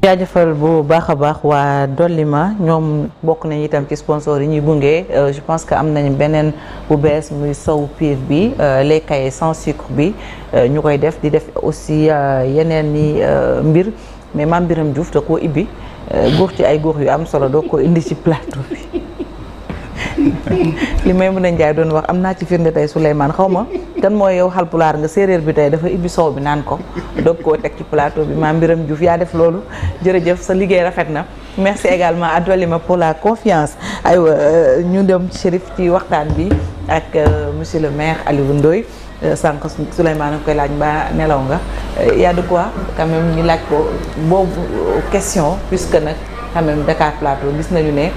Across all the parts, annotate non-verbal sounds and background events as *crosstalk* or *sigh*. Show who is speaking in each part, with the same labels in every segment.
Speaker 1: jaajëfal bu baax a baax waa Dollima ñoom bokk nañ itam ci sponsor yi ñuy gunge euh, je pense que am nañ beneen bu bees muy sow piir bi euh, les cahiers sans sucre bi euh, ñu koy def di def aussi yeneen ni mbir mais Mame Biram Diouf da koo ibbi góor ci ay góox yu am solo doo ko indi ci plateau li may mun a njaay doon wax am naa ci firnde tey Souleymane xaw ma kan mooy yow xalpulaar nga séeréer bi tey dafa ibbi soow bi naan ko doog koo teg ci plateau bi maa mbiram Diouf yaa def loolu jërëjëf sa liggéey rafet na merci également à Dolima pour la confiance aywa euh, ñu dem Chérif ci waxtaan bi ak euh, monsieur le maire Aliou Ndoye euh, sànq Souleymane nga koy laaj mbaa nelaw nga y a de quoi quand laaj ko boobu question puisque nag quand même Dakar Plateau gis nañu ne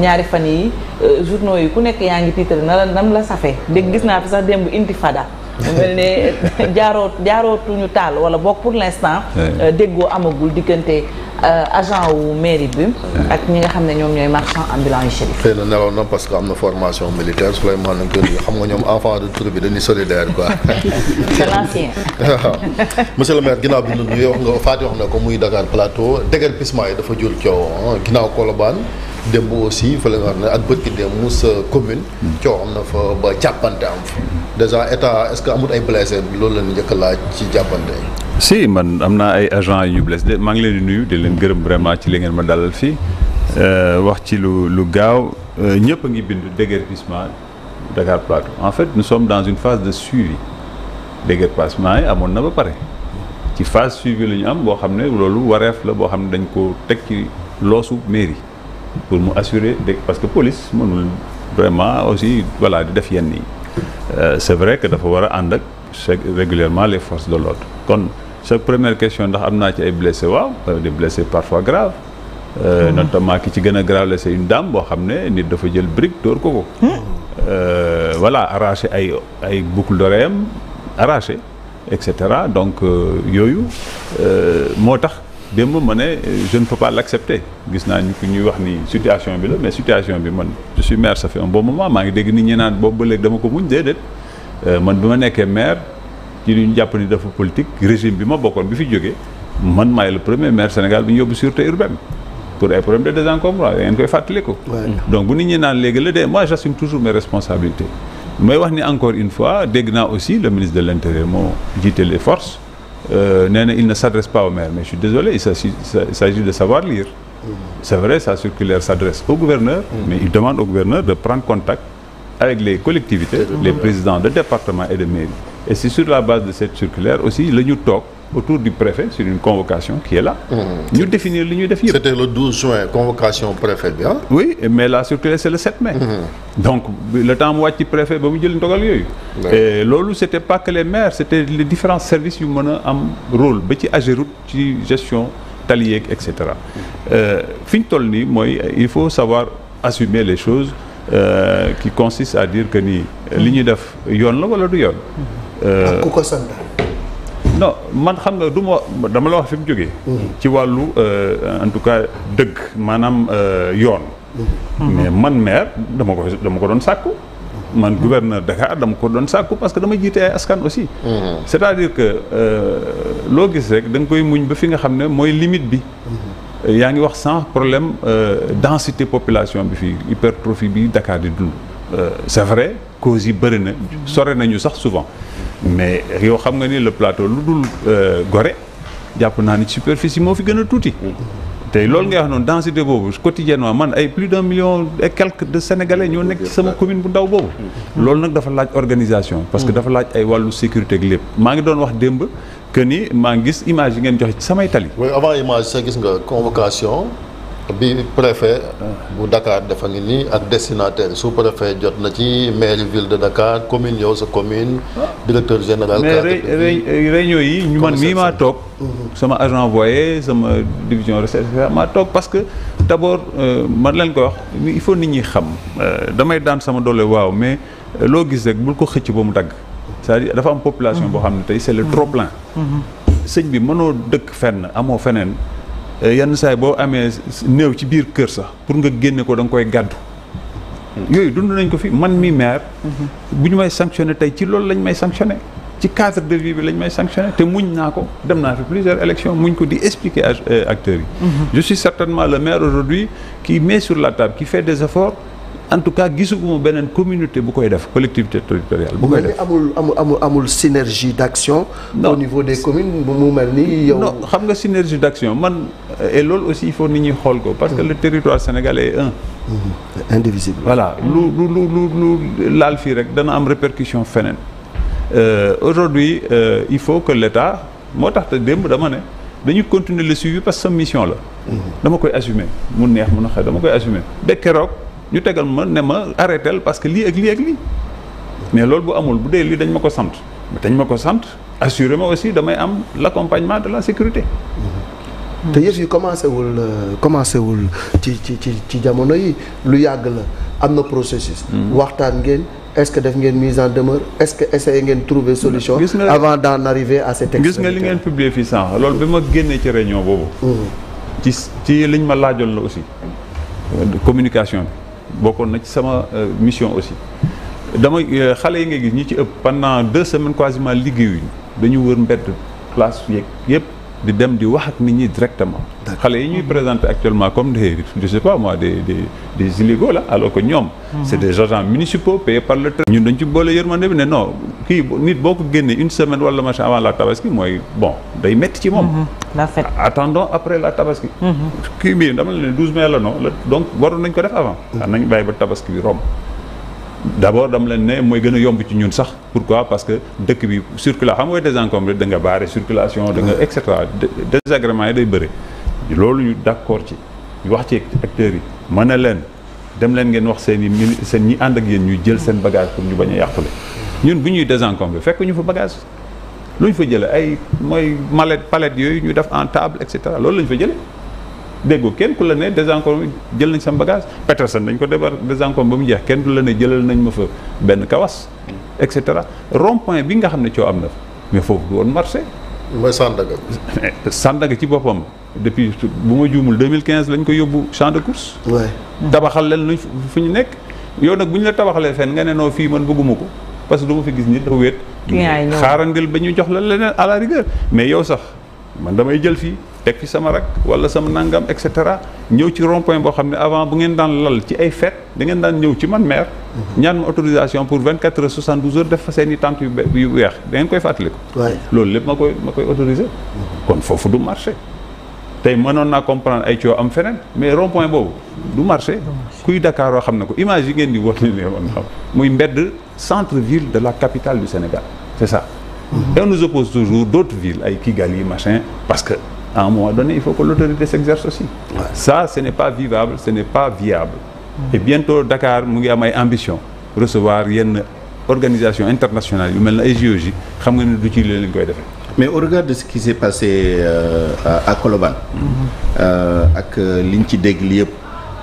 Speaker 1: ñaari fan yi euh, journaux yi ku nekk yaa ngi titre na la nam la safee dégg gis naa fi sax démb intifada mu mel ne *laughs* jaaroo jaarootuñu taal wala boog pour l'instant euh, déggoo amagul diggante euh, agent wu mairie bi ak ñi nga xam ne ñoom ñooy marchand ambulant yi chérif xëy na nelaw
Speaker 2: na parce que am na formation militaire Souleymane nañ ko xam nga ñoom enfant de tour bi dañuy solidaire quoi
Speaker 3: *laughs* c'est l'ancien
Speaker 2: waaw monsieur le maire ginnaaw bi ñu wax nga Fatou wax na ko muy Dakar Plateau déguerpissement yi dafa jur coow ah, ginnaaw Colobane démb aussi fa la nga xam ne ak bërki démb Moussa commune hmm. coow am na fa ba jàppante am fi déjà état est-ce que amut ay blessé loolu la njëkk laaj ci jàppante yi
Speaker 4: si man am naa ay agent yu ñu blessé maa ngi leen di nuyu di leen gërëm vraiment ci li ngeen ma dalal fii euh, wax ci lu lu gaaw euh, ñëpp a ngi bind déguerpissement Dakar Plateau en fait nu sommes dans une phase de suivi déguerpissement yi amoon na ba pare ci phase suivi la ñu am boo xam ne loolu wareef la boo xam ne dañ ko teg ci loosu mairie pour mu assurer de parce que police mënul vraiment aussi voilà di def yenn yi euh, c'est vrai que dafa war a ànd ak régulièrement les forces de l'ordre kon sa première question ndax am naa ci ay blessé waaw euh, des blessés parfois graves Euh, mmh. notamment ki ci gën a grave c'est une dame boo xam ne nit dafa jël brique dóor ko ko. Hmm. Euh, voilà arraché ay ay boucle d'oreille am arraché cetera donc euh, yooyu moo tax démb ma ne euh, je ne peux pas l' accepter gis naa ñu ñuy wax ni situation bi la mais situation bi man su suis maire ça fait un bon moment maa ngi dégg nit ñi naan boobu ba léegi dama ko muñ déedéet euh, man bi ma nekkee maire ci li ñu jàpp ni dafa politique régime bi ma bokkoon bi fi jógee man maay le premier maire Sénégal bi ñu yóbbu sûreté urbaine pour ay problème de désencombrement ngeen koy fàttaliku. donc bu nit ñi naan léegi la dee moi j' assume toujours mais wax ni encore une fois dégg naa aussi le ministre de l' intérieur moo jiite les Euh, nee na il ne s'adresse pas au maire mais je suis désolé il s'agit il s'agit de savoir lire c'est vrai sa circulaire s'adresse au gouverneur mais il demande au gouverneur de prendre contact avec les collectivités les présidents de département et de mairie et c'est sur la base de cette circulaire aussi la ñu toog autour du préfet sur une convocation qui est là. Mmh. ñu mmh. définir li ñuy def yëpp. c'était le 12 juin convocation préfet bi ah. oui mais la circulaire c'est le 7 mai. Mmh. donc le temps mu wàcc préfet ba mu jël ndogal yooyu. et loolu c'était pas que les maires c'était les différents services yu mën a am rôle ba ci Ageroute ci gestion tali yeeg et cetera euh, fi ñu toll nii mooy il faut savoir assumer les choses euh, qui consiste à dire que ni li ñuy def yoon la wala du yoon. non man xam nga duma ma dama la wax fi mu jógee. Mm-hmm. ci wàllu euh, en tout cas dëgg maanaam euh, yoon.
Speaker 3: Mm-hmm. mais
Speaker 4: man maire dama ko dama ko doon sàkku. Mm-hmm. man gouverneur Dakar dama ko doon sàkku parce que dama jiite ay askan aussi. c'est-à-dire que euh, loo gis rek da nga koy muñ ba fi nga xam ne mooy limite bi. yaa ngi wax sans problème densité population bi fii hypertrophie bi Dakar di dund. c'est vrai causes yi bëri na sore nañu sax souvent. mais yow xam nga ni le plateau lu dul euh, gore jàpp naa ni superficie moo fi gën a tuuti. tey loolu ngay wax noonu densité boobu quotidiennement man ay plus d'un million et quelques de sénégalais ñoo nekk ci sama commune bu ndaw boobu. loolu nag dafa laaj organisation. parce que dafa laaj ay wàllu sécurité ak lépp. maa ngi doon wax démb que ni maa ngi gis image yi ngeen joxe ci samay tali. oui avant image sax
Speaker 2: gis nga convocation. bi préfet bu Dakar dafa ngi nii ak destinataire sous préfet jot na ci maire ville de Dakar commune yow sa commune. directeur général. mais
Speaker 4: réunion yi ñu man mii maa toog. Mhm. sama agent voyé sama division recette maa toog parce que d' abord euh, man leen ko wax il faut nit ñi xam euh, damay daan sama doole waaw mais euh, loo gis rek bul ko xëcc ba mu dagg. c'est-à-dire dafa am population boo mhm. xam ne tey c'est le trop plein. Mhm. sëñ bi mënoo dëkk fenn amoo feneen. Euh, yenn saay boo amee néew ci biir kër sax pour nga génne ko da koy gàddu yooyu dund nañ ko fi man mi maire mhm. bu ñu may sanctionné tey ci loolu lañ may sanctionné ci cadre de vie bi lañ may sanctionné te muñ naa ko dem naa fi plusieurs élections muñ ko di expliquer à euh, yi mhm. je suis certainement le maire aujourd'hui qui met sur la table qui fait des efforts en tout cas gisuguma beneen communauté bu koy def collectivité territoriale bu koy def
Speaker 5: amul amul amul amul synergie d'action au niveau des communes bu mu mel ni yow non xam nga synergie d'action man
Speaker 4: et loolu aussi il faut nit ñuy xool ko parce que hmm. le territoire sénégalais est un
Speaker 5: hmm. indivisible voilà
Speaker 4: lu lu lu lu laal fii rek dana am répercussion feneen euh, aujourd'hui euh, il faut que l'État moo tax te démb dama ne dañu continuer le suivi parce que sa mission la hmm. dama koy assumer mu neex mu na dama koy assumer ba keroog ñu tegal ma ne ma arrêtel parce que lii ak lii ak lii mais loolu bu amul bu dee lii dañ ma ko sant dañ ma ko sant assuré ma aussi damay am l' de la sécurité.
Speaker 5: te yëf commencé wul euh, commencé wul ci ci ci ci jamono yi lu yàgg la am na processus. Hmm. waxtaan ngeen est-ce que def ngeen mise en demeure est-ce que essayé ngeen trouver solution. avant d'en arriver à cet texte. gis nga li ngeen
Speaker 4: publier fii sànq loolu bi ma génnee ci réunion boobu. Hmm. ci ci liñ ma laajoon la aussi euh, communication bi. bokkoon na ci sama euh, mission aussi dama euh, xale yi ngay gis ñi ci ëpp pendant deux semaine quasiment liggéeyuñu dañu wër mbedd place yeeg yëpp di dem di wax ak nit ñi directement xale yi ñuy présenter actuellement comme des je sais pas moi des des des illégaux là alors que ñoom mhm. c'est des agents municipaux payés par le ñun dañ ci boole yërmande bi ne non kii nit boo ko génnee une semaine wala machin avant la tabaski mooy bon day metti ci moom mhm. la après la tabaski mhm. kii bii dama la ne donc waroon nañ ko def avant nañ bàyyi ba tabaski bi romb d'abord dama leen ne mooy gën a yomb ci ñun sax pourquoi parce que dëkk bi circula xam nga désencombré da nga baare circulation danga nga et cetera désagrément yi day bëri loolu ñu d'accord ci ñu wax ci acteurs yi mën na leen dem leen ngeen wax seen i mini seen ñi ànd ak yéen ñu jël seen bagage pour ñu bañ a yàqule ñun bu ñuy désencombré fekk ñu fa bagage lu ñu fa jële ay mooy mallette palette yooyu ñu def en table et cetera loolu la fa jële déggoo kenn ku la ne désencombre jël nañ sam bagage Petersen dañ ko defar désencombre ba mu jeex kenn ku la ne jëlal nañ ma fa benn kawas et cetera rond bi nga xam ne coo am na mais foofu du woon marché mooy Sandaga *laughs* Sandaga ci boppam depuis bu ma juumul 2015 lañ ko yóbbu chande de course tabaxal leen lu fu ñu nekk yow nag bu ñu la tabaxalee fenn nga ne noo fii man bëgguma ko parce que du ma fi gis nit dafa wéet xaarandil ba ñu jox la leneen à mais yow sax man damay jël fii teg fi sama rak wala sama nangam et cetera ñëw ci rond boo xam ne avant bu ngeen daan lal ci ay fête da ngeen daan ñëw ci man maire. Mhm. ñaan ma autorisation pour 24 heures 72 heures def fa seeni i tente yu yu weex da ngeen koy fàttaliku. loolu lépp ma koy ma koy autorisé. Mhm. kon foofu du marché. tey mënoon naa comprendre ay coo am feneen mais rond boobu du marché. kuy dakaar oo xam ne ko image yi ngeen di wane ne woon xam muy mbedd centre ville de la capitale du Sénégal ça. Mhm. ay Kigali machin parce que. à un moment donné, il faut que l'autorité s'exerce aussi. Ouais. Ça, ce n'est pas vivable, ce n'est pas viable. Mm. Et bientôt, Dakar mu ngi am ay ambition recevoir yenn organisation internationale yu mel na ay JOJ xam nga ne du ci leen lañ koy defee.
Speaker 6: mais au regard de ce qui s'est passé euh, à, mm-hmm. euh, ak euh, li ak ci dégg li yëpp.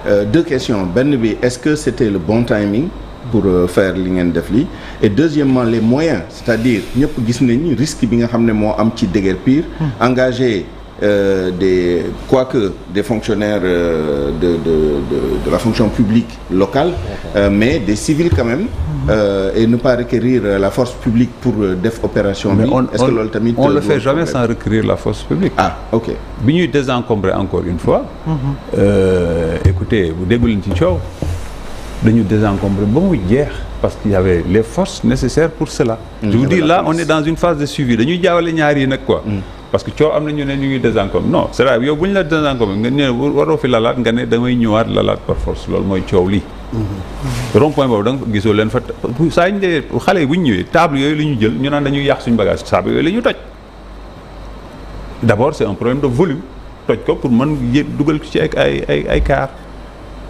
Speaker 6: Euh, deux questions benn bi est-ce que c'était le bon timing. pour faire li ngeen def lii et deuxièmement les moyens c'est-à-dire ñëpp gis nañ risque bi nga xam ne moo am ci déguerpir mm. engagé euh, des quoique des fonctionnaires euh, de, de, de, de la fonction publique locale euh, mais des civils quand même euh, et ne pas requérir euh, la force publique pour def opération
Speaker 3: bi est-ce que loolu tamit on le fait jamais sans
Speaker 4: requérir la force publique ah ok bi encore une fois mhm. écoutez bu déggu leen ci coow dañu désencombrer ba mu parce qu'il y avait les forces nécessaires pour cela mm. je vous dis là on est dans une phase de suivi dañuy jaawale ñaar yi quoi mm. parce que coow am na ñu ne ñu ngi désencombré non c' est vrai yow bu ñu la désencombré nga ne waroo fi lalaat nga ne damay ñëwaat lalaat par force loolu mooy coow lii. Mm-hmm. rond point boobu da nga gisoo leen fa saa ñu dee xale yi bu ñu ñëwee table yooyu la ñu jël ñu naan dañuy yàq suñu bagage saabu yooyu la ñu toj d' abord c' un problème de volume toj ko pour mën yé dugal ci ay ay ay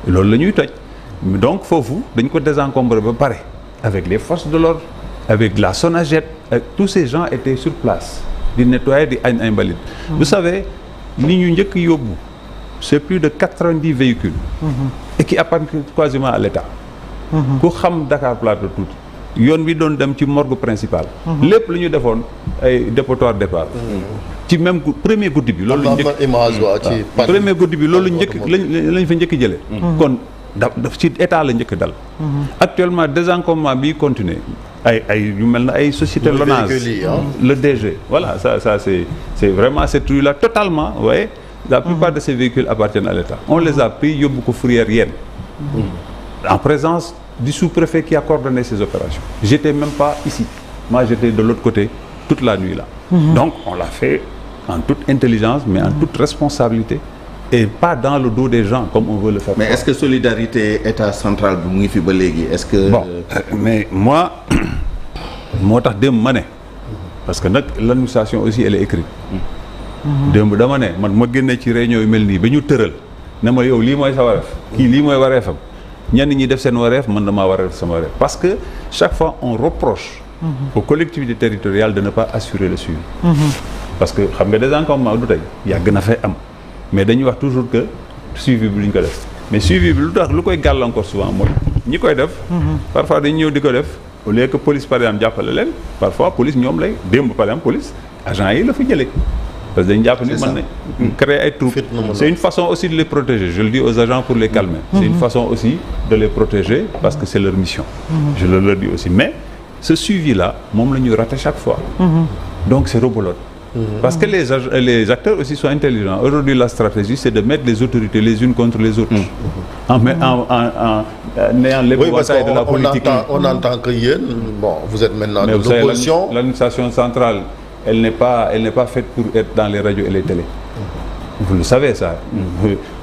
Speaker 4: loolu la ñuy toj donc foofu dañ ko désencombré ba pare avec les forces de l'ordre avec la SONAGED ak tous ces gens étaient sur place. di nettoyer di añ ay mbalit. Mm-hmm. vous savez li ñu njëkk yóbbu c'est plus de quatre-vingt-dix véhicules. Mm-hmm. et qui appartiennent quasiment à l'État. Mm-hmm. ku xam Dakar Plateau tuuti. yoon bi doon dem ci morgue principale. lépp lu ñu defoon ay dépotoir départ. ci même premier guddi bi. loolu njëkk image waa ci premier guddi bi loolu njëkk lañ lañ fa njëkk jëlee. kon daf ci état la njëkk dal. actuellement désencombrement bi continuer ay ay yu mel na société Lonase le DG voilà c'est c'est vraiment cette rue là totalement la plupart mhm. de ces véhicules appartiennent à l'État on les a mhm. pris yóbbu ko fourrière yenn
Speaker 3: mhm.
Speaker 4: en présence du sous-préfet qui a coordonné ces opérations j'étais même pas ici j'étais de l'autre côté toute la nuit là donc on l'a fait en toute intelligence mais en toute responsabilité et pas dans le dos des gens comme on veut le faire mais est-ce que
Speaker 6: solidarité état central bi mu ngi fi ba léegi est moo tax démb ma ne
Speaker 4: parce que nag l'administration aussi elle est écrite
Speaker 6: mm-hmm.
Speaker 4: démb dama ne man ma génne ci réunion yu mel nii ba ñu tëral na ma yow lii mooy sa wareef kii lii mooy wareefam ñenn ñi def seen wareef man damaa wareef sama wareef parce que chaque fois on reproche mm-hmm. aux collectivités territoriales de ne pas la le suivi mm-hmm. parce que xam nga des encombrements du tey yàgg na fay am mais dañuy suivi bi lu ñu ko def mais suivi bi lu tax lu koy gàllankoor souvent mooy ñi koy def parfois dañu ñëw di ko def au lieu que police par exemple jàppale leen parfois police ñoom lay démb par exemple police agent yi la fa jëlee parce que dañu jàpp ni mën nañ créer ay troupe c'est une façon aussi de les protéger je le dis aux agents pour les calmer mmh. c'est une façon aussi de les protéger parce que c'est leur mission mmh. je le leur dis aussi mais ce suivi là moom la ñuy raté chaque fois
Speaker 3: mmh.
Speaker 4: donc c'est rebelote Mhm. Parce que les, les acteurs aussi sont intelligents. Aujourd'hui, la stratégie, c'est de mettre les autorités les unes contre les autres. Mhm. En, en, en, en n'ayant les oui, de la politique. On entend, on
Speaker 2: entend que vous êtes maintenant de
Speaker 4: L'administration centrale, elle n'est pas, faite pour être dans les radios et les télés. Mhm. Vous le savez ça.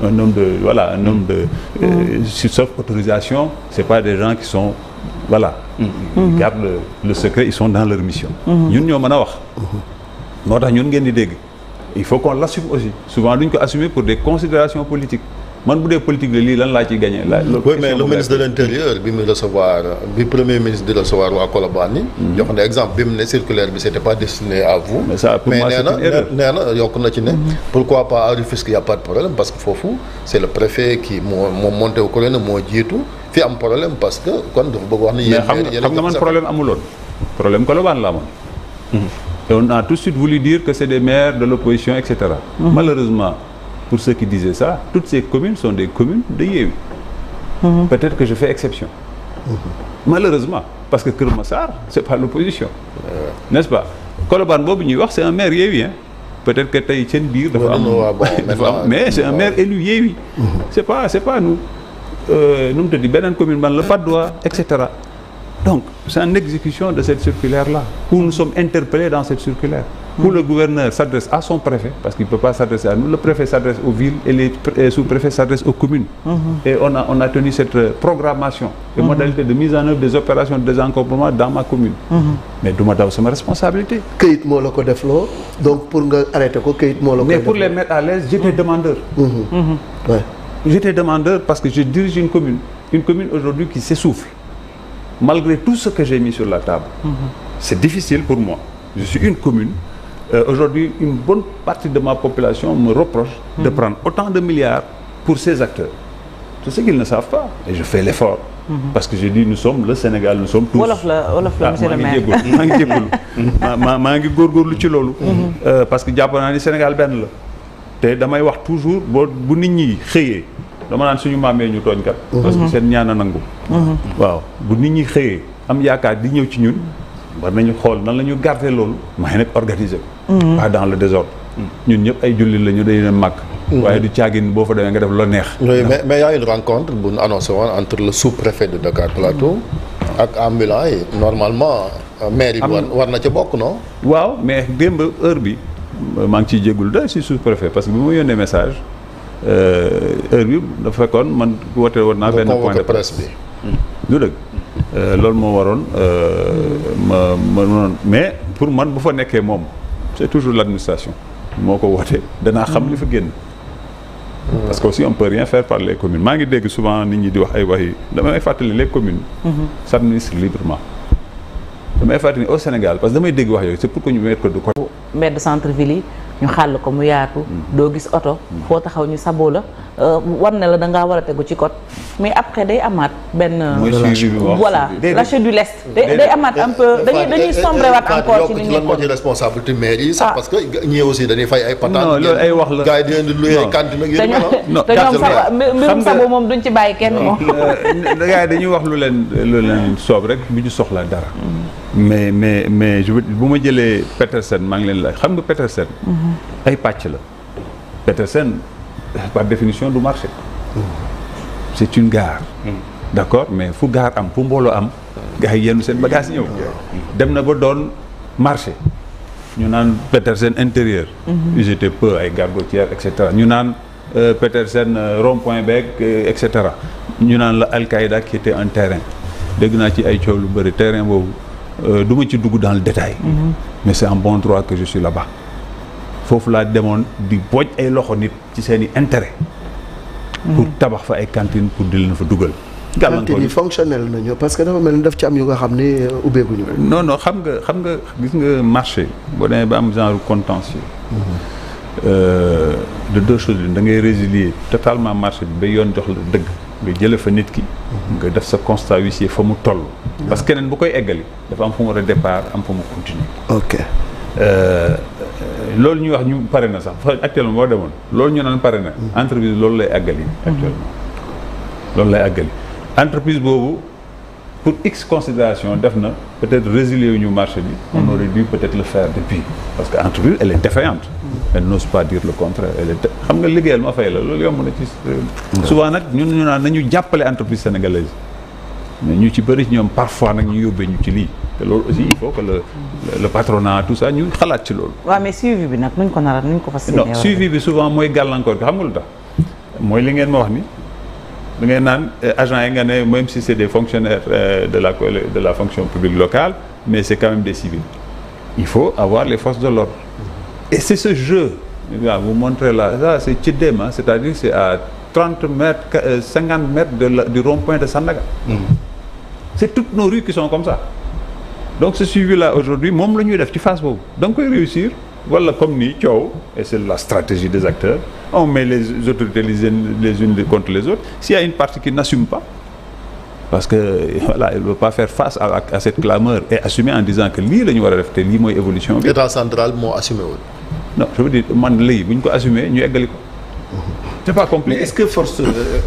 Speaker 4: Un homme de voilà, un homme de euh, sauf autorisation, c'est pas des gens qui sont voilà, ils gardent le, le secret, ils sont dans leur mission. ñun ñoo moo tax ñun ngeen di dégg il faut qu'on l'assume aussi souvent duñ ko assumer pour des considérations politiques man bu dee politique la lii lan laa ciy gagné. loolu mais le ministre
Speaker 2: de l' bi muy recevoir bi premier ministre di recevoir waa Colobane yi. Mm-hmm. jox na exemple bi mu ne circulaire bi c' pas destiné à mais ça pour moi c' mais nee na yokk na ci ne. Mm-hmm. pourquoi pas à Rufisque y' a problème parce que foofu c' est le préfet moo moo fi am problème parce que kon dafa bëgg wax ni. yéen nga man problème amuloon
Speaker 4: problème Colobane la amoon. Hmm. Et on a tout de suite voulu dire que c'est des maires de l'opposition, etc. Mmh. Malheureusement, pour ceux qui disaient toutes ces communes sont des communes de Yéwi. Mmh. Peut-être que je fais exception. Mmh. Malheureusement, parce que Kermassar, c'est pas l'opposition. Euh. N'est-ce pas Koloban Bob c'est un maire Yéwi. Hein? Peut-être que Taïtien Bir, *laughs* mais c'est un maire élu Yéwi. C'est pas, pas nous. Euh, nous, on te dit, commune, le pas de droit, etc. Donc, c'est en exécution de cette circulaire-là, où nous sommes interpellés dans cette circulaire, où hmm. le gouverneur s'adresse à son préfet, parce qu'il ne peut pas s'adresser à nous, le préfet s'adresse aux villes et sous-préfets s'adressent aux communes. Hmm. Et on a, a tenu cette euh, programmation, les mm de mise en œuvre des opérations de désencombrement dans ma commune. Hmm. Mais du ma daw responsabilité.
Speaker 5: këyit moo la ko donc pour nga arrêter ko
Speaker 4: malgré tout ce que j'ai mis sur la table. Mm -hmm. C'est difficile pour moi. Je suis une commune. Euh, Aujourd'hui, une bonne partie de ma population me reproche mm -hmm. de mhm. prendre autant de milliards pour ces acteurs. Tout ce qu'ils ne savent pas. Et je fais l'effort.
Speaker 3: Mm -hmm. Parce
Speaker 4: que je dis, nous sommes le Sénégal, nous sommes tous. Wolof la, Wolof la, ah, monsieur le maire. maa ngi jégalu *laughs* maa ngi ci loolu. Mhm. Euh, parce que jàpp naa ni Sénégal benn la. te damay wax toujours boo bu nit ñi xëyee. dama naan suñu maamee ñu tooñ kat. Mhm. parce que seen ñaana a nangu. Mhm. waaw bu nit ñi xëyee am yaakaar di ñëw ci ñun war nañu xool nan la ñu garder loolu maay nag organiser ko. Mhm. pas dans le désordre. ñun ñëpp ay jullit la ñu day leen màkk. waaye du caagin boo fa demee nga def la neex. mais mais y a une rencontre bu ñu annoncé woon entre le sous-préfet de Dakar
Speaker 2: Plateau. ak ambulant yi normalement. Euh, maire war na ca bokk noo
Speaker 4: waaw mais démb heure bi euh, maa ngi ciy jégalu daal si sous-préfet parce que bi message. Euh, heure bi dafa fekkoon man woote woon naa benn point de presse bi lu dëgg euh, loolu moo waroon euh, ma ma noonu mais pour man bu fa nekkee moom c'est toujours l'administration moo ko wootee danaa xam li fa génn
Speaker 3: mm.
Speaker 4: parce que aussi on peut rien faire par les communes maa ngi dégg souvent nit ñi di wax ay wax yi damay fàttali les communes mm-hmm. s'administrent librement damay fàttali au Sénégal parce que damay dégg wax yooyu c'est pour que ñu mettre ko de côté.
Speaker 1: maire de centre ville ñu xàll ko mu yaatu mm. doo gis oto mm. foo taxaw ñu saboo la euh, war na la da ngaa war a tegu ci code mais après day amaat benn voilà lâcher du lest day amaat un peu dañuy dañuy sombré waat encore ci li ñu nekkoon ci
Speaker 2: responsabilité maire yi sax ah. parce que ñii aussi dañuy fay ay pataat non wax la gars yi dinañ di luyee cantine ak yéen te ñoom sabo mbirum sabo
Speaker 1: moom duñ ci bàyyi kenn moom
Speaker 4: *laughs* gars dañuy wax lu leen lu leen soob rek bu ñu soxla dara mm. mais mais mais je bu ma jëlee Petersen maa ngi leen la xam nga Petersen. Mhm. ay pàcc la. Petersen par définition du marché. Mhm. c'est une gare. Mhm. d'accord mais fu gare am fu mbooloo am. gars yi yenn seen bagage yow dem na ba doon marché. ñu naan Petersen intérieur. UGT peu ay gare routière et cetera ñu naan euh, Petersen euh, rond-point beeg euh, et cetera. ñu naan la Al-Qaïda qui un terrain dégg naa ci ay coow lu bëri terrain boobu. Euh, du ma ci dugg dans le détail mhm. mais c'est en bon droit que je suis là-bas foofu laa demoon di booj ay loxo nit ci seen i intérêt mhm. pour tabax fa ay cantine pour di leen fa dugal cantine yi
Speaker 5: fonctionnel nañu parce que dafa mel ni daf ci am yu nga xam ne euh, ubbeeguñu ñu
Speaker 4: non xam nga xam nga gis nga marché boo demee ba am genre contentieux mhm. euh, de deux choses da ngay résilier totalement marché bi ba yoon jox la dëgg nga jële fa nit ki nga def sa constat huissier fa mu toll parce que keneen bu koy eggali dafa am fu mu war a départ am fa mu continuer ok euh, loolu ñuy wax ñu pare na sax actuellement boo demoon loolu ñu naan pare na mm. entreprise loolu lay àggali actuellement loolu lay àggali entreprise boobu pour ex considération def na peut-être résilier ñu marché bi on mm-hmm. aurait dû peut-être le faire depuis parce que entreprise elle est défaillante mm-hmm. elle n'ose pas dire le contraire elle est xam nga liggéeyal ma fay la loolu yomb na ci euh, souvent nag ñun ñu naan nañu jàppale entreprise sénégalaise ñu ci bëri ñoom parfois nag ñu yóbbee ñu ci lii te loolu aussi il faut que le patronat tout ça ñu xalaat ci loolu
Speaker 1: waaw mais suivi bi nag ñu ko naral nuñ ko fas non suivi
Speaker 4: mooy gàllankoor bi xam nga lu mooy li ngeen ma wax ni da naan euh, agent yi nga ne même si c'est des fonctionnaires euh, de la de la fonction publique locale mais c'est quand même des civils il faut avoir les forces de l'ordre et c'est ce jeu waaw vous montrez là ça c'est ci c'est-à-dire c'est à trente mètres euh, cinquante de la, du rond-point de Sandaga mm. c'est toutes nos rues qui sont comme ça donc ce suivi là aujourd'hui moom la ñuy def ci phase boobu da réussir wala comme ni coow e c'est la stratégie des acteurs on mais les autorités les unes les unes contre les autres s'il y a une partie qui n'assume pas parce que *laughs* voilà il ne veut pas faire face à, à cette clameur et assumer en disant que lii lañu ñu war a def te lii mooy évolution bi. état central moo assumé woon. non je veux dire man lii bu ñu ko assumer ñu eggali ko.
Speaker 6: c'est pas compliqué mais est-ce que force euh,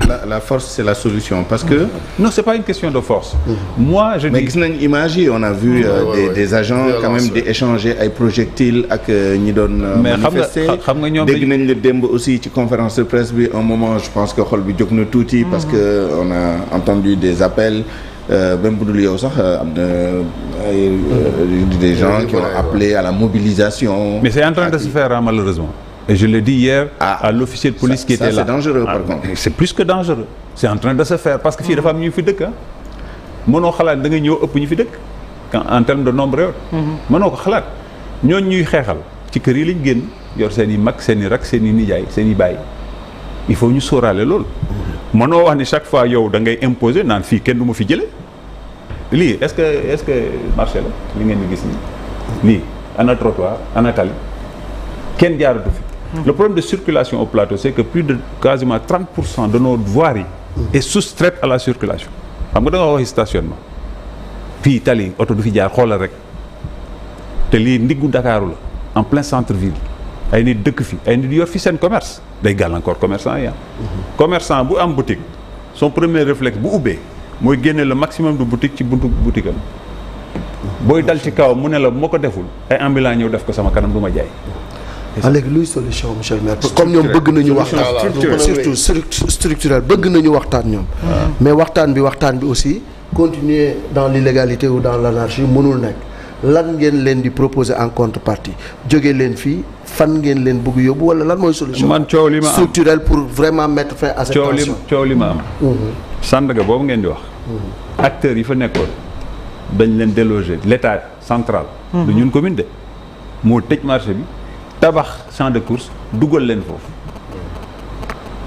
Speaker 6: la, la force c'est la solution parce que. Mm. non c'est pas une question de force. Mm. moi je mais gis nañ image yi on a vu. Euh, des des agents quand même di échanger ay projectiles ak euh, ñi doon. manifester mais xam nga ñoom dégg nañ la démb aussi ci conférence de presse bi un moment je pense que xol bi jóg na tuuti. Mm. parce que on a entendu des appels. même bu dul yow sax am na ay des gens appelé à la mobilisation.
Speaker 4: mais c'est en train de se faire malheureusement. Et je l'ai dit hier ah, à l'officier de police ça, qui était ça, là. Ah, que dangereux. C'est en train de parce que fii dafa am ñu fi dëkk ah. mënoo xalaat da nga ñëw ëpp ñu fi dëkk. en terme de nombre yor. Mm-hmm. mënoo ko xalaat ñooñu ñuy xeexal ci kër yi lañ génn yor seen i mag seen i rak seen i nijaay seen i baay il faut ñu sóoraale loolu. mënoo wax ni chaque fois yow da ngay imposer naan fii kenn du ma fi jële lii est-ce que est-ce que marché la li ngeen di gis nii lii ana trottoir ana fi. le problème de circulation au plateau c'est que plus de quasiment 30 pour cent de nos voiries est soustraite à la circulation xam nga da nga waxi stationnement fii tali oto du fi jaar xoolal rek te lii ndiggu Ndakaaru la en plein centre ville ay nit dëkk fi ay nit yor fi seen commerce day gàllankoor commerçant ya am
Speaker 3: ah.
Speaker 4: commerçant bu am boutique son premier réflexe bu ubbee mooy génne la maximum de boutique ci buntu boutique booy dal ci kaw mu ne la moo ko deful ay ambulant ñëw def ko sama kanam du ma
Speaker 5: jaay ah léegi luy solution monsieur le maire. comme ñoom bëgg nañu waxtaan structurel bëgg nañu waxtaan ñoom. mais waxtaan bi waxtaan bi aussi continuer dans l'illégalité ou dans l'anarchie mënul nekk lan ngeen leen di proposer en contre contrepartie jóge leen fii fan ngeen leen bëgg yóbbu wala lan mooy solution. man coow li ma am structurel pour vraiment mettre fin à cette tension. coow li ma am. Mm-hmm.
Speaker 4: Sandaga boobu ngeen di wax.
Speaker 5: Mm-hmm.
Speaker 4: acteurs yi fa nekkoon dañ leen déloger l'état central. Mm-hmm. du ñun commune de moo tëj marché bi. tabax champ de course dugal leen foofu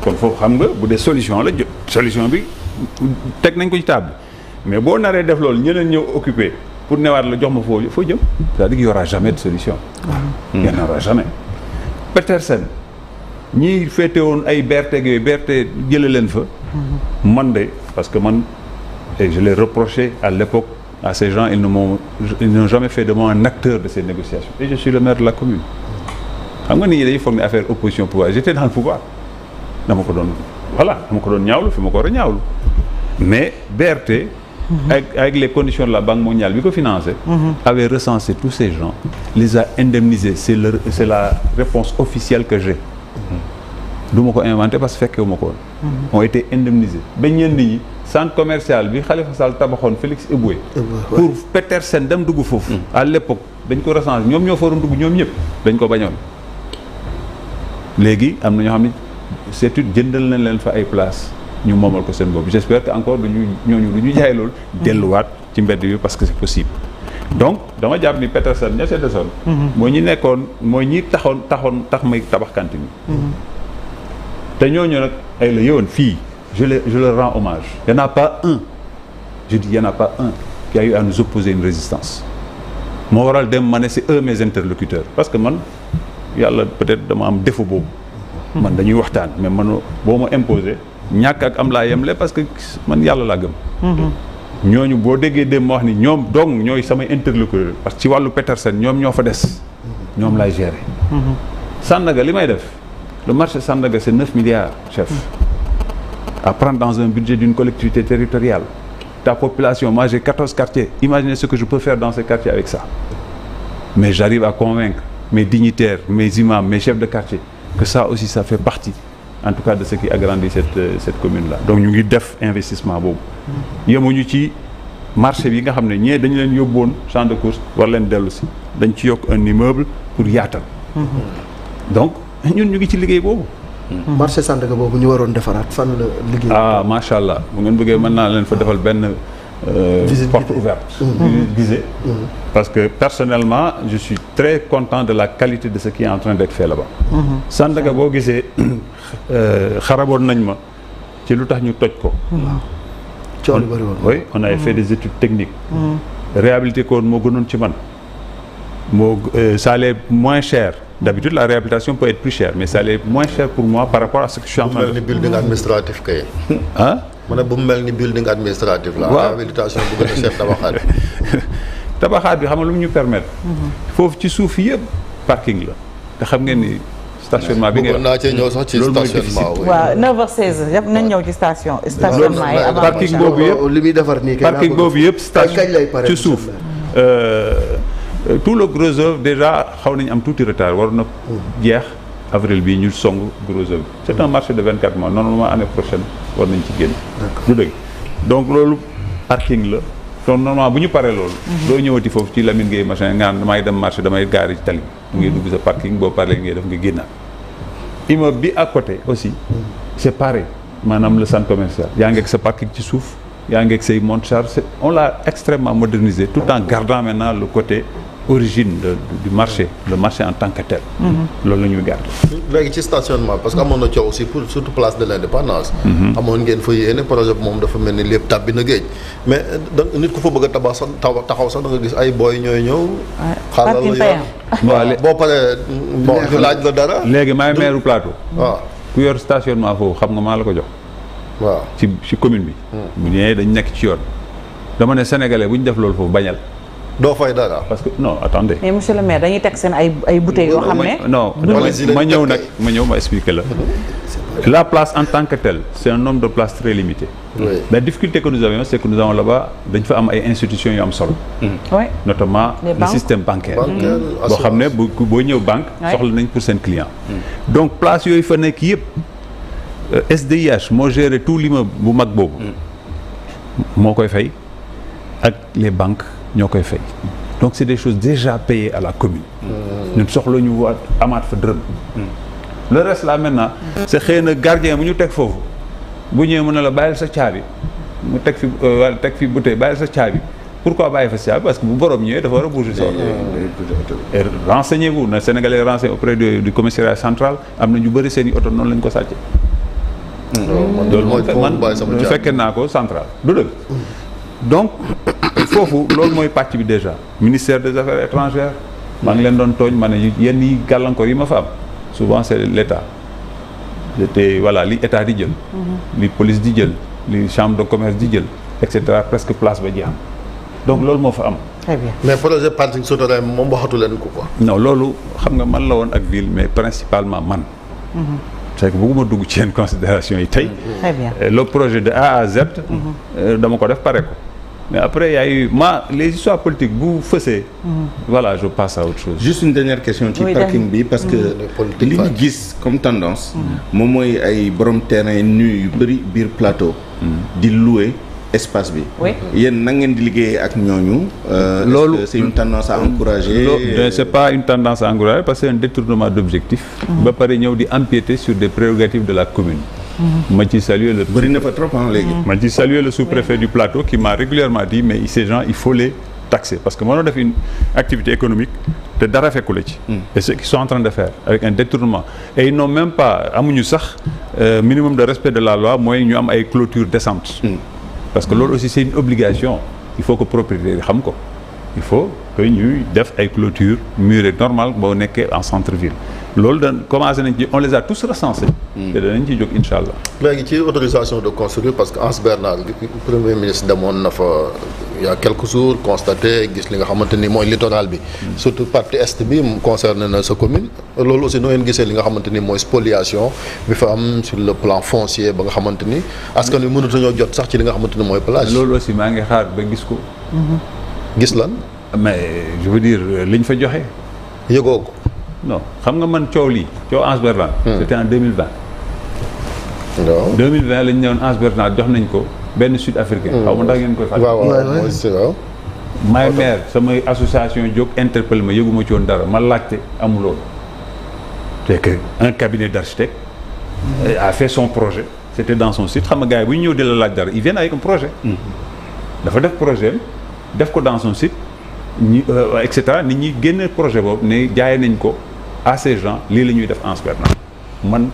Speaker 4: kon foofu xam nga bu dee solution la jot solution bi teg nañ ko ci table mais boo naree def loolu ñeneen ñëw occupé pour newaat la jox ma foofu foo jëm c'est-à-dire qu'il y aura jamais de solution il jamais Petersen ñiy féete woon ay berteg yooyu berte jële leen fa man de parce que man et je l'ai reproché à l'époque à ce gens ils ne m'ont ils n'ont jamais fait de moi acteur de ces négociations et je suis le maire de la commune xam nga nit ñi dañuy former affaire opposition pouvoir j'étais dans le pouvoir dama ko doon voilà dama ko doon ñaawlu fi ma koo war a ñaawlu mais BRT avec mhm. avec les conditions de la Banque mondiale bi ko financé mhm. avait recensé tous ces gens les a indemnisés c'est la réponse officielle que j'ai mhm. du ma ko inventé parce que fekkewu ma ko woon ont été indemnisés ba ñenn ñi centre commercial bi Khalifa Sall tabaxoon Félix Éboué pour Petersen dem dugg foofu à l'époque dañ ko recensé ñoom ñoo fa waroon ñëpp dañ ko bañoon léegi am na ñoo xam ne CETUD jëndal nañ leen fa ay place ñu moomal ko seen bopp j'espère que encore duñu ñooñu du ñu jaay loolu mm-hmm. delluwaat ci mbedd bi parce que c'est possible donc dama jàpp ni Peterson ña Peterson mm-hmm. mooy ñi nekkoon mooy ñi taxoon taxoon tax may tabax cantine mm-hmm. te ñoo nag ay la yowoon fii je le je leur rends hommage y en a pas un je dis y en a pas un qui a eu à nous opposer une résistance moo waral dem ma ne c'est eux mes interlocuteurs parce que man yàlla peut-être dama am défaut boobu. man dañuy waxtaan mais man boo ma imposé ñàkk ak am laa yemle parce que man yàlla laa gëm. Mhm. ñooñu boo déggee dem ma wax ni ñoom dong ñooy samay interlocuteur parce ci wàllu Petersen ñoom ñoo fa des. ñoom laay gérer. Mhm. Sandaga li may def le marché Sandaga c'est neuf milliards chef. Mhm. à prendre dans un budget d'une collectivité territoriale. ta a moi j'ai quatorze quartiers imaginez ce que je peux faire dans ces quartiers avec ça mais dignitaires mes imams mes chefs de quartier que ça aussi ça fait partie en tout cas de ce qui agrandit cette euh, cette commune là donc ñu ngi def investissement boobu ñu ci marché bi nga xam ne ñee dañu leen yóbboon champ de course war leen dellu si dañ ci yokk un immeuble pour yaatal
Speaker 5: mm-hmm.
Speaker 4: donc ñun ñu ngi ci liggéey boobu
Speaker 5: mm-hmm. marché Sandaga boobu ñu waroon defaraat fan la liggéey
Speaker 4: ah macha allah bu ngeen bëggee mën naa leen fa defal benn Euh, visite porte
Speaker 5: ouverte. Mmh.
Speaker 3: Mmh. guisée. Mmh.
Speaker 4: parce que personnellement je suis très content de la qualité de ce qui est en train d'être fait là-bas. Sandaga boo gisee euh, xaraboon nañ ma ci lu tax ñu toj ko.
Speaker 3: coono woon oui on avait fait des études
Speaker 4: techniques. réhabilité ko woon moo gënoon ci man. moo euh, ça allait moins cher d'habitude la réhabilitation peut être plus chère mais ça allait moins cher pour moi par rapport à ce que je suis en train
Speaker 2: administratif kay.
Speaker 4: mu ne bu mu mel ni building administratif
Speaker 2: la. waaw a seet tabaxaat
Speaker 4: bi. *laughs* tabaxaat bi xam nga lu mu ñu permettre. Mhm. foofu ci suuf yëpp parking la te xam ngeen ni. stationnement bi ngeen naa cee ñëw sax ci stationnement
Speaker 1: waaw 9h16 nañ ñëw ci station. stationnement yi avant parking boobu
Speaker 5: li muy defar nii kay parking boobu yëpp station ci suuf.
Speaker 4: Euh, tout le gros œuvre déjà xaw nañu am tuuti retard war na hmm. jeex. avril bii ñu song gros œuvre c' est un marché de 24 mois normalement année prochaine war nañ ci génn du dëgg donc loolu parking la donc normalement bu ñu paree loolu mhm. doo ñëwati foofu ci Lamine Gueye machin nga naan damay dem marché damay gaari tali mu mhm. dugg sa parking boo paree ngay def nga génnaat immeuble bi à côté aussi mhm. c' est pareil maanaam le centre commercial yaa ngi sa parking ci suuf yaa ngi ak say monte charge on l'a extrêmement modernisé tout en gardant origine de, du marché le marché en tant que tel. Mhm. loolu la ñuy garder.
Speaker 2: léegi ci stationnement parce que amoon na coow aussi pour surtout place de l' indépendance. Mhm. amoon projet moom dafa mel ni lépp tàbbi na géej mais euh, da nit ku fa taxaw sax da nga gis ñooy ñëw. xaaral
Speaker 4: boo paree. bon laaj la dara. léegi maay maire plateau. waaw ah. ku yor stationnement foofu xam nga maa la ko jox. waaw ci commune bi. Mm. bu ñëwee dañ nekk ci yoon. dama ne sénégalais bu ñu def loolu foofu bañal. doo fay dara. parce que no attendez.
Speaker 1: mais monsieur le maire dañuy teg seen ay ay bouteilles yoo xam ne. non
Speaker 4: ma ñëw nag ma ñëw ma expliquer la. la place en tant que telle c'est un nombre de places très limité. la difficulté que nous avions c'est que nous avons là-bas dañ fa am ay institutions yu am solo. Mm-hmm. oui notamment le système bancaire. Mm-hmm. boo xam ne bu boo ñëw banque. soxla nañ pour seen client. Mm. donc place yooyu fa nekk yëpp SDIH euh, moo géré tout l'immeuble bu mag boobu. Mm. moo koy fay ak les banques. ñoo koy fay donc c'est des choses déjà payées à la commune ñun soxla ñu waat amaat fa dërëm le reste là maintenant c'est xëy na gardien bu ñu teg foofu bu ñëwee mu ne la bàyyil sa caabi mu teg fi euh, wala teg fi bouteille bàyyil sa caabi pourquoi bàyyi fa caabi parce que bu borom ñëwee dafa war a bouger soxla et renseignez na sénégalais renseigné auprès du commissariat central am na ñu bëri seen i oto noonu lañ ko sàcce hmm. loolu man fekkee naa ko central du dëgg donc *coughs* foofu loolu mooy pàcc bi déjà ministère des affaires étrangères maa ngi leen doon tooñ man ne yenn yi gàllankoor yi ma fa am souvent c'est l'état te voilà li état di jël mhm. li police di jël li chambre de commerce di jël et cetera presque place ba jeex donc loolu moo fa am
Speaker 2: très bien mais projet parti sotoraay moom waxatu leen ko quoi
Speaker 4: non loolu xam nga man la woon ak ville mais principalement man mhm. c'est que bëgguma dugg ci seen considération yi tey euh, le projet de A à Z mhm. euh, dama ko def pare mais
Speaker 6: après y a eu les histoires politiques bu fësee. Mhm. voilà je passe à autre chose. juste une dernière question ci oui, parking bi parce que. Mhm. li ñu gis comme tendance. moom mooy ay borom terrain nu yu bëri biir plateau. Mhm. di louer espace bi. oui yéen na ngeen di liggéey ak ñooñu. Euh, loolu c'est une tendance à encourager. c'est pas une tendance
Speaker 4: à encourager parce que c'est un détournement d'objectif. ba pare ñëw di empiéter sur des prérogatives de la commune. ma ci saluer le. bëri na fa trop ma ci saluer le sous-préfet du plateau qui m'a régulièrement dit mais ces gens il faut les taxer parce que mënoo def une activité économique te dara fekku la ci. Hmm. et ce qu'ils sont en train de faire avec un détournement et ils n'ont même pas amuñu sax euh, minimum de respect de la loi mooy ñu am ay clôtures décentes. Hmm. parce que loolu aussi c'est une obligation il faut que propriétaire xam ko il faut que ñuy def ay clôtures murées normales boo nekkee en centre-ville. loolu dañ commencé nañ ci on les a tous recensés. Hmm. te danañ ci jóg incha allah.
Speaker 2: léegi ci autorisation de construire parce que Anse Bernard premier ministre demoon na fa il y jours constaté gis li nga xamante ni mooy littoral bi. Hmm. surtout partie est bi mu concerné na sa commune. loolu aussi noo leen gisee li nga xamante ni mooy spoliation bi fa am sur le plan foncier ba nga xamante ni askan wi mënut ñoo jot sax ci li nga xamante ni mooy plage. loolu aussi maa ngi xaar ba gis
Speaker 4: ko. Hmm. gis lan. mais je veux dire liñ fa joxe. yëgoo non xam nga man coow lii coow Anse Bernard. Hmm. c'était en mille 2020. waaw 2020 lañ ne woon Anse Bernard jox nañ ko benn sud africain. Hmm. xaw ma ndax ngeen koy fàtte. waaw waaw may maire samay association jóg interpelle ma ci woon dara ma laajte amuloon c'est que un cabinet d'architecte euh, a fait son projet c'était dans son site xam nga gars bu ñu ñëw di la laaj dara ils viennent avec un projet hmm. dafa def projet def ko dans son site ñu euh, et cetera nit ñi génn projet boobu ne jaaye nañ ko à ces gens lii la ñuy def en permanence man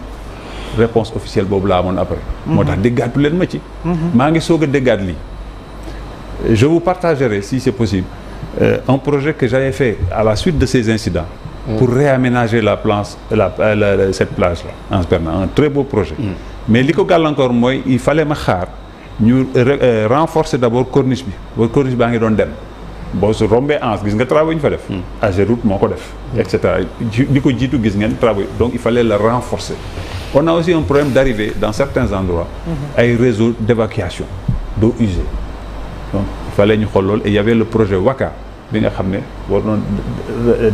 Speaker 4: réponse officielle boobu laa amoon après. moo tax déggaatu leen ma ci. Mhm. maa ngi soog a déggaat lii. je vous partagerai si c'est possible euh, un projet que j'avais fait à la suite de ces incidents. Mmh. pour réaménager la planche la, euh, la, cette plage là en permanence un très beau projet. Mhm. mais li ko gàllankoor mooy il fallait ma xaar ñu euh, renforcer d'abord corniche bi ba corniche baa ngi doon dem. boo su rombee ans gis nga travaux yi ñu fa def. Hmm. AGEROUTE moo ko def. et cetera ko jiitu gis ngeen travaux donc il fallait le renforcer. on a aussi un problème d'arrivée dans certains endroits. Hmm. ay réseaux d'évacuation d'eau usée donc il fallait ñu xool lool et il y avait le projet WACA. bi nga xam ne war noon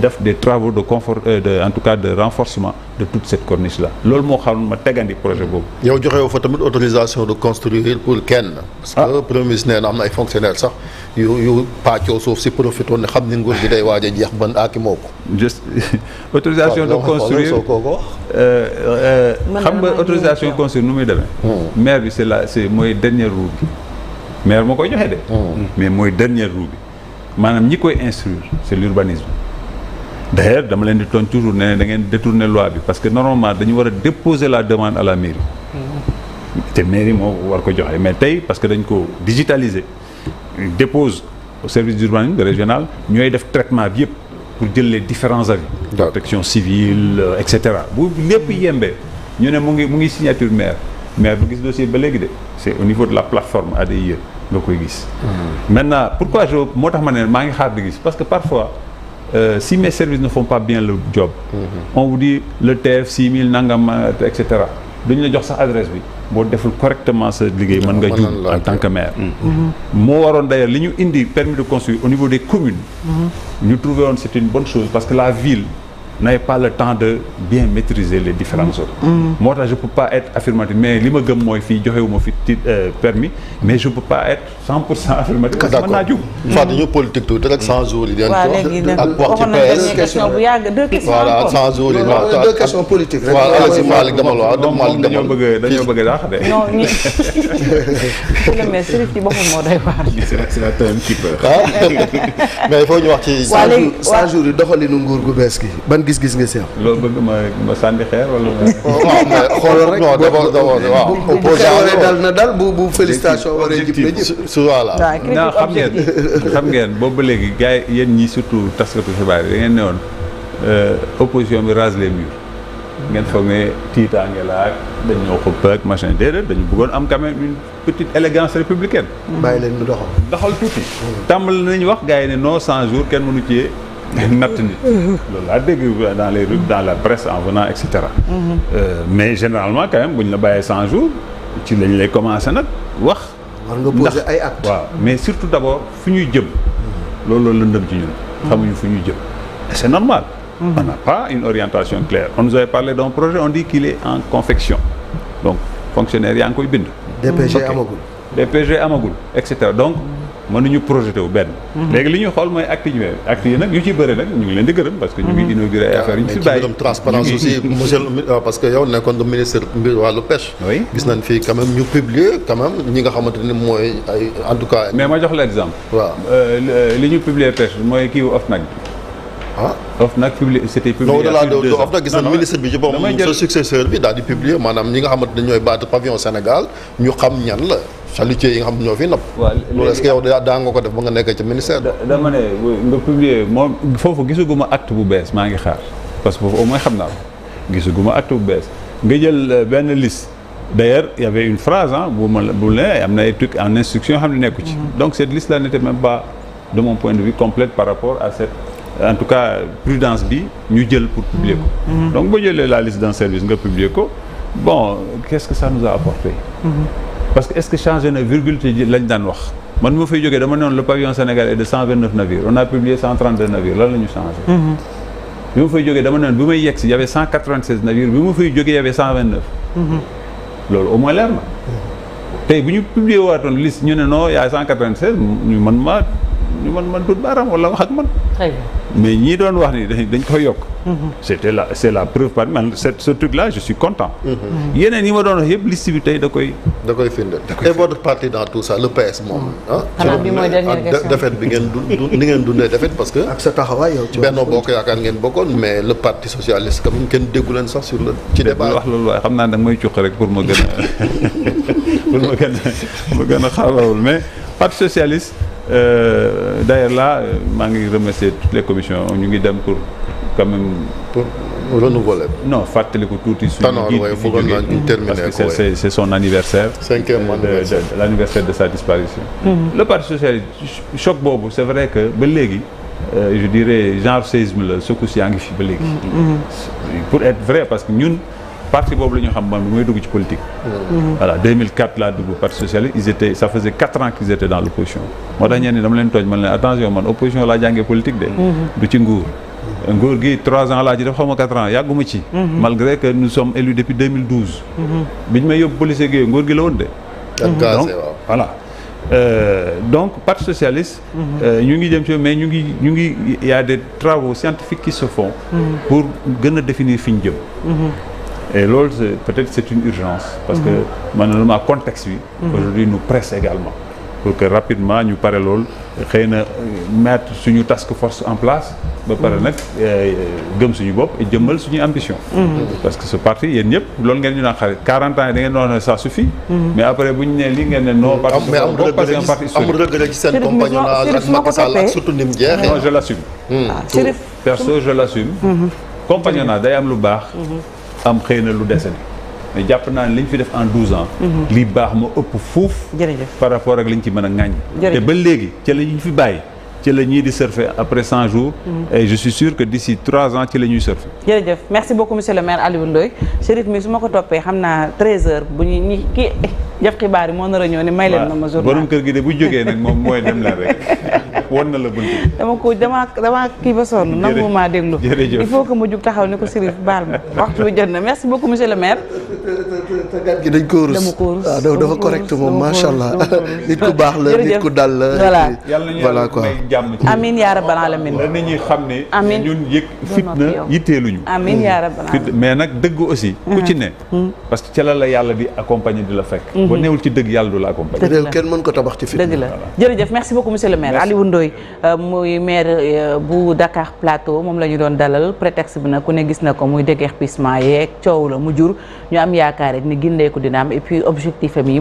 Speaker 4: def des travaux de confort euh, de en tout cas de renforcement de tout cette corniche là loolu moo xam ma tegandi projet boobu.
Speaker 2: yow joxe woo fa tamit autorisation de construire pour kenn. parce que ah. premier ministre am na ay fonctionnaires sax yu yu pàccoo suuf si profité ne xam ni nguur gi day waaj a jeex ban aaki moo *laughs* ko. juste euh, euh, autorisation de construire
Speaker 4: xam nga autorisation construire nu muy demee. Hmm. maire bi c'est la c'est mooy dernière roue bi moo hmm. mais mooy dernière roue bi. maanaam ñi koy instruire c'est l'urbanisme d'ailleurs dama leen di tooñ toujours ne da ngeen détourner loi bi parce que normalement dañu war a déposer la demande à la mairie
Speaker 3: mm-hmm.
Speaker 4: te mairie moo war ko joxe mais tey parce que dañ ko digitaliser dépose service d'urbanisme régional ñooy def traitement bi yëpp pour jël les différents avis protection civile euh, et cetera bu lépp yembee ñu ne mu ngi mu ngi signature maire mais bu gis dossier ba léegi de c'est au niveau de la plateforme ADIE nga koy gis. Hmm. maintenant pourquoi je moo tax ma ne maa ngi xaar di gis parce que parfois euh, si mes services ne font pas bien le job. Hmm. on vous dit le TF 6000 nangam et cetera duñu la jox sax adresse bi. boo deful correctement sa liggéey man ah, nga jub en tant maire hmm. moo waroon d'ailleurs li ñu indi permis de construire au niveau des communes ñu trouvé woon c'est bonne chose parce que la ville n'avez pas le temps de bien maîtriser les différentes zones. Mm. Mm. moo tax je peux pas être affirmatif mais li ma gëm mooy fii joxewuma fi titre euh, permis mais je peux pas être 100 pour cent affirmatif. parce que mën
Speaker 1: naa jub. Mm. Fatou ñu
Speaker 4: politique tuuti rek 100 jours yi di
Speaker 2: leen ak wax ci PS question
Speaker 1: bu yàgg deux questions voilà 100 jours yi deux questions
Speaker 2: politiques rek. moom dañoo bëgg dañoo
Speaker 5: bëgg laax de. non ñun
Speaker 1: *laughs* le maire Chérif ci boppam moo doy waar.
Speaker 5: *laughs* c'est la time keeper. Ah. *laughs* mais il faut ñu wax ci. 100 jours yi doxalinu nguur gu bees gi gis-gis nga si am. loolu bëgg ma ma sànni xeer wala. *laughs* *laughs* xoolal rek d'abord d'abord waaw. bu xeewalee dal na dal bu bu félicitation waree jib na jib su voilà. non xam ngeen xam
Speaker 4: ngeen boobu léegi gars yi ñi surtout taskatu xibaar yi da ngeen woon euh, opposition bi rase les murs. ngeen foog ne tiitaange la ak dañoo xëpp ak machin déedéet dañu bëggoon am quand même une petite élégance républicaine. bàyyi leen ñu wax gars ne non 100 jours kenn mënu cee. *laughs* natt nit loolu laa dégg dans les rues dans la presse en venant et cetera euh, mais généralement quand bu ñu la bàyyee cent jours ci lañ lay commencé nag wax war nga poser ay actes waaw mais surtout d'abord fu ñuy jëm loolu la lëndëm ci ñun xamuñu fu ñuy jëm c'est normal mm-hmm. on n'a pas une orientation claire on nous avait parlé d'un projet on dit qu'il est en confection donc fonctionnaire yaa ngi koy bind DPG amagul les PG amagul et cetera donc mënuñu projeté wu benn. Mhm. léegi li ñu xool mooy actes yi actes yi nag yu ci bëri nag ñu ngi leen di gërëm. parce que ñu ngi mhm. inauguré ay ah, affaires yu ñu si bàyyi. mais ci transparence *laughs* euh,
Speaker 2: na publier quand xamante ni mooy ay en tout cas. mais ma jox la exemple.
Speaker 4: waaw euh, ñu publier pêche mooy kii wu OFNAC.
Speaker 2: ah OFNAC publié a plus de deux ans OFNAC gis nañ ministre bi ci boppam sa successeur bi daal di publier maanaam ñi nga xamante ñooy battre pavillon Sénégal ñu xam ñan la chalutiers yi nga xam ne ñoo fi napp. loolu est-ce daa nga ko def
Speaker 4: ba nga nekkee ci ministère dama ne nga publier moom foofu gisuguma acte bu bees maa ngi xaar parce que foofu au moins xam naa ko ma acte bu bees nga jël euh, benn liste d'ailleurs il y avait une phrase bu ma bu ne am na ay en instruction yoo xam ne nekku ci. Mm-hmm. donc cette liste là n'était même pas de mon point de vue complète par rapport à cette. en tout cas prudence bi ñu jël pour publier ko. Mm -hmm. donc boo jëlee la liste d'un service nga publier ko bon qu'est-ce que ça nous parce que est-ce que changé na virgule ci daan wax man moo fay jógee dama ne woon le pavillon sénégalais est de 129 navires on a publié 132 navires lan la ñu changé. Mhm. bi ma fay jógee dama ne woon bi may yegg si y avait 196 navires bi ma fay jógee y avait 129. Mhm. loolu au moins leer na. tey bu ñu publié waatoon liste ñu ne non y a 196 ñu mën ma ñu mën man tuut baaraam wala wax ak man. mais ñi doon wax ni dañ koy yokk mhm. c'était la c'est la preuve par man ce truc là je suis content mhm. Mhm. yeneen yi ma doon wax yëpp liste bi tey da koy da koy firndeel et votre parti dans ah,
Speaker 2: bi ngeen du ni ngeen dundee defet parce que ak sa taxawaay yow Benno Bokk Yaakaar ngeen bokkoon mais le parti socialiste quand kenn déggu leen sax sur le ci débat wax loolu waaye xam naa danga may cuq rek *laughs* pour ma gën a
Speaker 4: pour ma gën a ma gën a xaabawul mais parti socialiste Euh, d'ailleurs là a ngi remercier toutes les commissions ñu ngi dem pour quand même. pour renouveler. non fàttaliku tuuti suñu. tanoor waaye foogoon naa ñu terminer parce que c'est c'est son anniversaire. cinquième euh, anniversaire de l'anniversaire de sa disparition. Mhm. le parti socialiste choc boobu c'est vrai que ba léegi. Euh, je dirais genre séisme la secousse yaa ngi fi ba léegi. Mhm. Mhm. pour être vrai parce que parti boobu la ñu xam man bi muy dugg ci politique
Speaker 3: mm-hmm.
Speaker 4: voilà 2004 laa dugg parti socialiste ils étaient ça faisait quatre ans qu'ils étaient dans l'opposition moo tax ñeen ni dama leen tooñ man leen attention man opposition laa jàngee politique de mm-hmm. du ci nguur nguur gi trois ans laa ci def xaw ma quatre ans yàgguma ci mm-hmm. malgré que nous sommes élus depuis bi
Speaker 3: ñu
Speaker 4: may yóbbu police gi nguur gi la woon de euh, donc parti socialiste euh, ñu ngi jëm ci mais ñu ngi ñu ngi y a des travaux scientifiques qui se font mm et loolu peut-être c'est une urgence parce que mhm. malheureusement contexte bi mhm. aujourd'hui nous presse également pour que rapidement ñu pare loolu xëy na euh, mettre suñu task force en place ba pare mhm. nag euh, gëm suñu bopp et jëmmal suñu ambition parce que ce parti yéen ñëpp loolu ngeen ñu naan xarit 40 ans yi da ngeen doon ne suffit mais après bu ñu nee li ngeen ne non parce que amul
Speaker 2: regret ci seen compagnonnage ak Macky Sall
Speaker 4: ah, day am lu baax am xëy na lu dese mais jàpp naa ne li ñu fi def en douze ans mhm. li baax ma ëpp fuuf par rapport ak li ñu ci mën a ŋàññ te ba léegi ci la fi bàyyi ci la di surfer après cent jours mhm. et je suis sûr que d'ici trois ans ci la ñuy jërëjëf
Speaker 1: merci beaucoup monsieur le maire Alioune Ndoye Chérif mi su ma ko toppee xam naa treize heures bu ñu ñi kii jaf xibaar yi moo nar a ñëw may leen ma journal borom
Speaker 4: kër gi de bu jógee nag moom mooy dem la rek
Speaker 5: *laughs* won na la bunt
Speaker 1: dama ko dama kii ba sonn nangu maa déglu il faut que ma jug taxaw ne ko Chérif baal ma *laughs* waxtu bi jot na merci beaucoup monsieur le maire ko rus dama a rus waaw ah, dafa correct moom macha allah nit la *laughs* nit ku xam ne amin ñun yëg fitna
Speaker 4: yitteeluñu amin yaa rabbal alamin mais nag dëgg aussi ku ci mm-hmm. ne mm-hmm. parce que ca la la yàlla di accompagner di la fekk mm-hmm. ba mhm. newul ci dëgg yàlla du la accompagner. réew ko tabax ci fitna. dëgg la
Speaker 1: jërëjëf merci beaucoup monsieur le maire Aliou Ndoye euh, muy maire euh, bu Dakar Plateau moom la doon dalal prétexte bi nag ku ne gis na ko muy déguerpissement yeeg coow la mu jur ñu am yaakaar rek ni gindeeku dina am et puis objectif yi